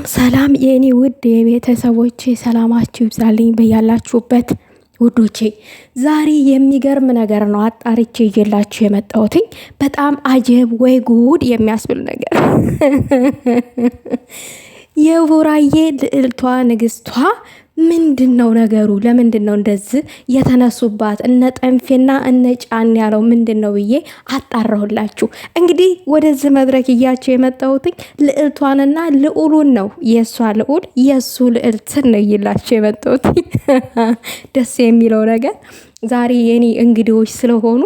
ሰላም ሰላም የእኔ ውድ የቤተሰቦቼ ሰላማችሁ ይብዛልኝ በያላችሁበት ውዶቼ። ዛሬ የሚገርም ነገር ነው አጣርቼ እየላችሁ የመጣሁትኝ በጣም አጀብ ወይ ጉድ የሚያስብል ነገር የቡራዬ ልዕልቷ ንግስቷ ምንድን ነው ነገሩ? ለምንድን ነው እንደዚህ የተነሱባት? እነ ጠንፌና እነ ጫን ያለው ምንድን ነው ብዬ አጣራሁላችሁ። እንግዲህ ወደዚህ መድረክ እያቸው የመጣሁትኝ ልዕልቷንና ልዑሉን ነው። የእሷ ልዑል የእሱ ልዕልትን ነው እይላቸው የመጣሁት። ደስ የሚለው ነገር ዛሬ የኔ እንግዶች ስለሆኑ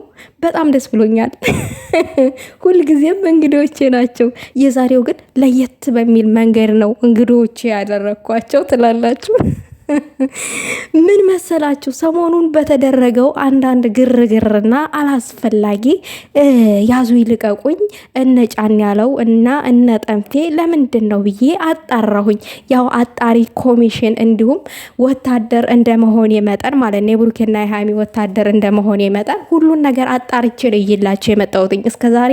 በጣም ደስ ብሎኛል። ሁልጊዜም እንግዶቼ ናቸው። የዛሬው ግን ለየት በሚል መንገድ ነው እንግዶቼ ያደረግኳቸው ትላላችሁ። ምን መሰላችሁ ሰሞኑን በተደረገው አንዳንድ ግርግርና አላስፈላጊ ያዙ ይልቀቁኝ እነ ጫን ያለው እና እነ ጠንፌ ለምንድን ነው ብዬ አጣራሁኝ። ያው አጣሪ ኮሚሽን እንዲሁም ወታደር እንደመሆኔ መጠን ማለት ነው የብሩኬና የሃሚ ወታደር እንደመሆኔ መጠን ሁሉን ነገር አጣርቼ ነው የመጣሁትኝ። እስከዛሬ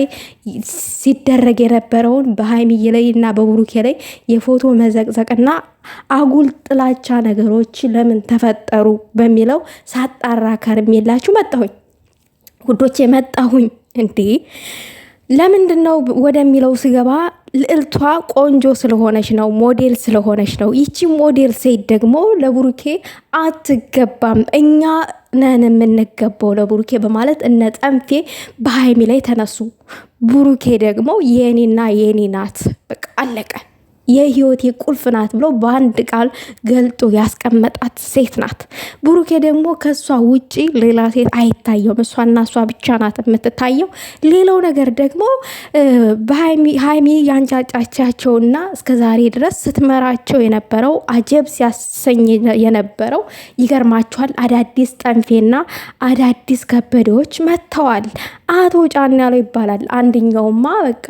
ሲደረግ የነበረውን በሃይሚዬ ላይ እና በብሩኬ ላይ የፎቶ መዘቅዘቅና አጉል ጥላቻ ነገሮች ለምን ተፈጠሩ በሚለው ሳጣራ ከርሜላችሁ መጣሁኝ ውዶቼ፣ መጣሁኝ እንዴ ለምንድን ነው ወደሚለው ስገባ ልዕልቷ ቆንጆ ስለሆነች ነው፣ ሞዴል ስለሆነች ነው። ይቺ ሞዴል ሴት ደግሞ ለቡሩኬ አትገባም፣ እኛ ነን የምንገባው ለቡሩኬ በማለት እነ ጠንፌ በሀይሚ ላይ ተነሱ። ቡሩኬ ደግሞ የኔና የኔ ናት፣ በቃ አለቀን። የህይወቴ ቁልፍ ናት ብሎ በአንድ ቃል ገልጦ ያስቀመጣት ሴት ናት። ብሩኬ ደግሞ ከእሷ ውጪ ሌላ ሴት አይታየውም። እሷና እሷ ብቻ ናት የምትታየው። ሌላው ነገር ደግሞ ሀይሚ ያንጫጫቻቸውና እስከዛሬ ድረስ ስትመራቸው የነበረው አጀብ ሲያሰኝ የነበረው ይገርማችኋል፣ አዳዲስ ጠንፌና አዳዲስ ከበዴዎች መጥተዋል። አቶ ጫን ያለው ይባላል። አንድኛውማ በቃ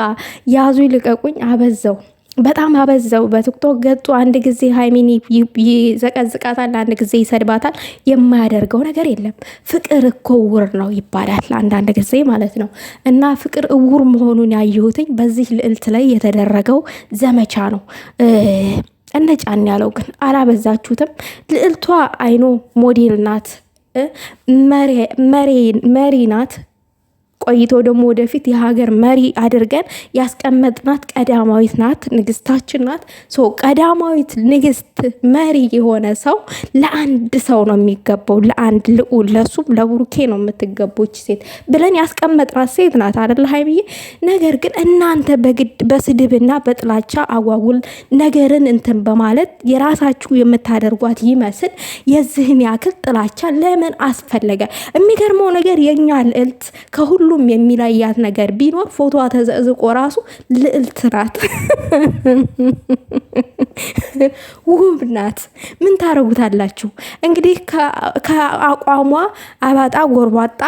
ያዙ ይልቀቁኝ አበዛው በጣም አበዛው። በቲክቶክ ገጡ አንድ ጊዜ ሀይሚን ይዘቀዝቃታል፣ አንድ ጊዜ ይሰድባታል። የማያደርገው ነገር የለም። ፍቅር እኮ እውር ነው ይባላል አንዳንድ ጊዜ ማለት ነው። እና ፍቅር እውር መሆኑን ያየሁትኝ በዚህ ልዕልት ላይ የተደረገው ዘመቻ ነው። እነ ጫን ያለው ግን አላበዛችሁትም? ልዕልቷ አይኖ ሞዴል ናት፣ መሪ ናት። ቆይቶ ደግሞ ወደፊት የሀገር መሪ አድርገን ያስቀመጥናት ቀዳማዊት ናት፣ ንግስታችን ናት። ቀዳማዊት ንግስት መሪ የሆነ ሰው ለአንድ ሰው ነው የሚገባው፣ ለአንድ ልዑል፣ ለሱም ለቡሩኬ ነው የምትገቦች ሴት ብለን ያስቀመጥናት ሴት ናት አደለ ሀይሚዬ? ነገር ግን እናንተ በግድ በስድብና በጥላቻ አጓጉል ነገርን እንትን በማለት የራሳችሁ የምታደርጓት ይመስል የዚህን ያክል ጥላቻ ለምን አስፈለገ? የሚገርመው ነገር የኛ ልዕልት ከሁሉም የሚለያት ነገር ቢኖር ፎቶ ተዘዝቆ ራሱ ልዕልት ናት። ቦምብ ናት። ምን ታረጉታላችሁ? እንግዲህ ከአቋሟ አባጣ ጎርባጣ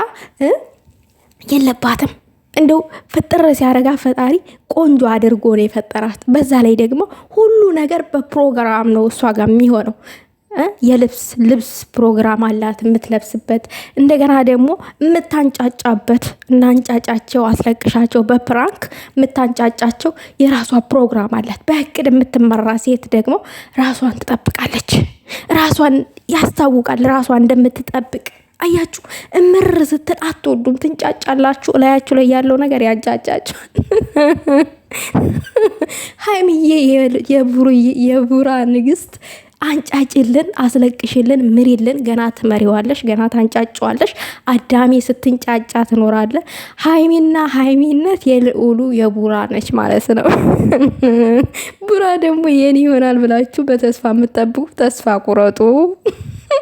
የለባትም። እንደው ፍጥር ሲያረጋ ፈጣሪ ቆንጆ አድርጎ ነው የፈጠራት። በዛ ላይ ደግሞ ሁሉ ነገር በፕሮግራም ነው እሷ ጋር የሚሆነው። የልብስ ልብስ ፕሮግራም አላት የምትለብስበት። እንደገና ደግሞ የምታንጫጫበት እናንጫጫቸው አስለቅሻቸው በፕራንክ የምታንጫጫቸው የራሷ ፕሮግራም አላት። በእቅድ የምትመራ ሴት ደግሞ ራሷን ትጠብቃለች። ራሷን ያስታውቃል፣ ራሷን እንደምትጠብቅ አያችሁ። እምር ስትል አትወዱም፣ ትንጫጫላችሁ። እላያችሁ ላይ ያለው ነገር ያንጫጫችሁ። ሀይምዬ የቡራ ንግስት አንጫጭልን፣ አስለቅሽልን፣ ምሪልን። ገና ትመሪዋለሽ፣ ገና ታንጫጫዋለሽ። አዳሜ ስትንጫጫ ትኖራለ። ሀይሚና ሀይሚነት የልዑሉ የቡራ ነች ማለት ነው። ቡራ ደግሞ የኔ ይሆናል ብላችሁ በተስፋ የምጠብቁ ተስፋ ቁረጡ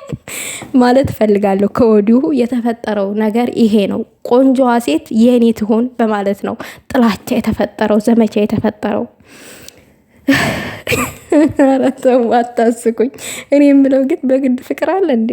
ማለት ፈልጋለሁ። ከወዲሁ የተፈጠረው ነገር ይሄ ነው። ቆንጆዋ ሴት የኔ ትሆን በማለት ነው ጥላቻ የተፈጠረው፣ ዘመቻ የተፈጠረው። ኧረ ተው አታስቁኝ። እኔ የምለው ግን በግድ ፍቅር አለ እንዴ?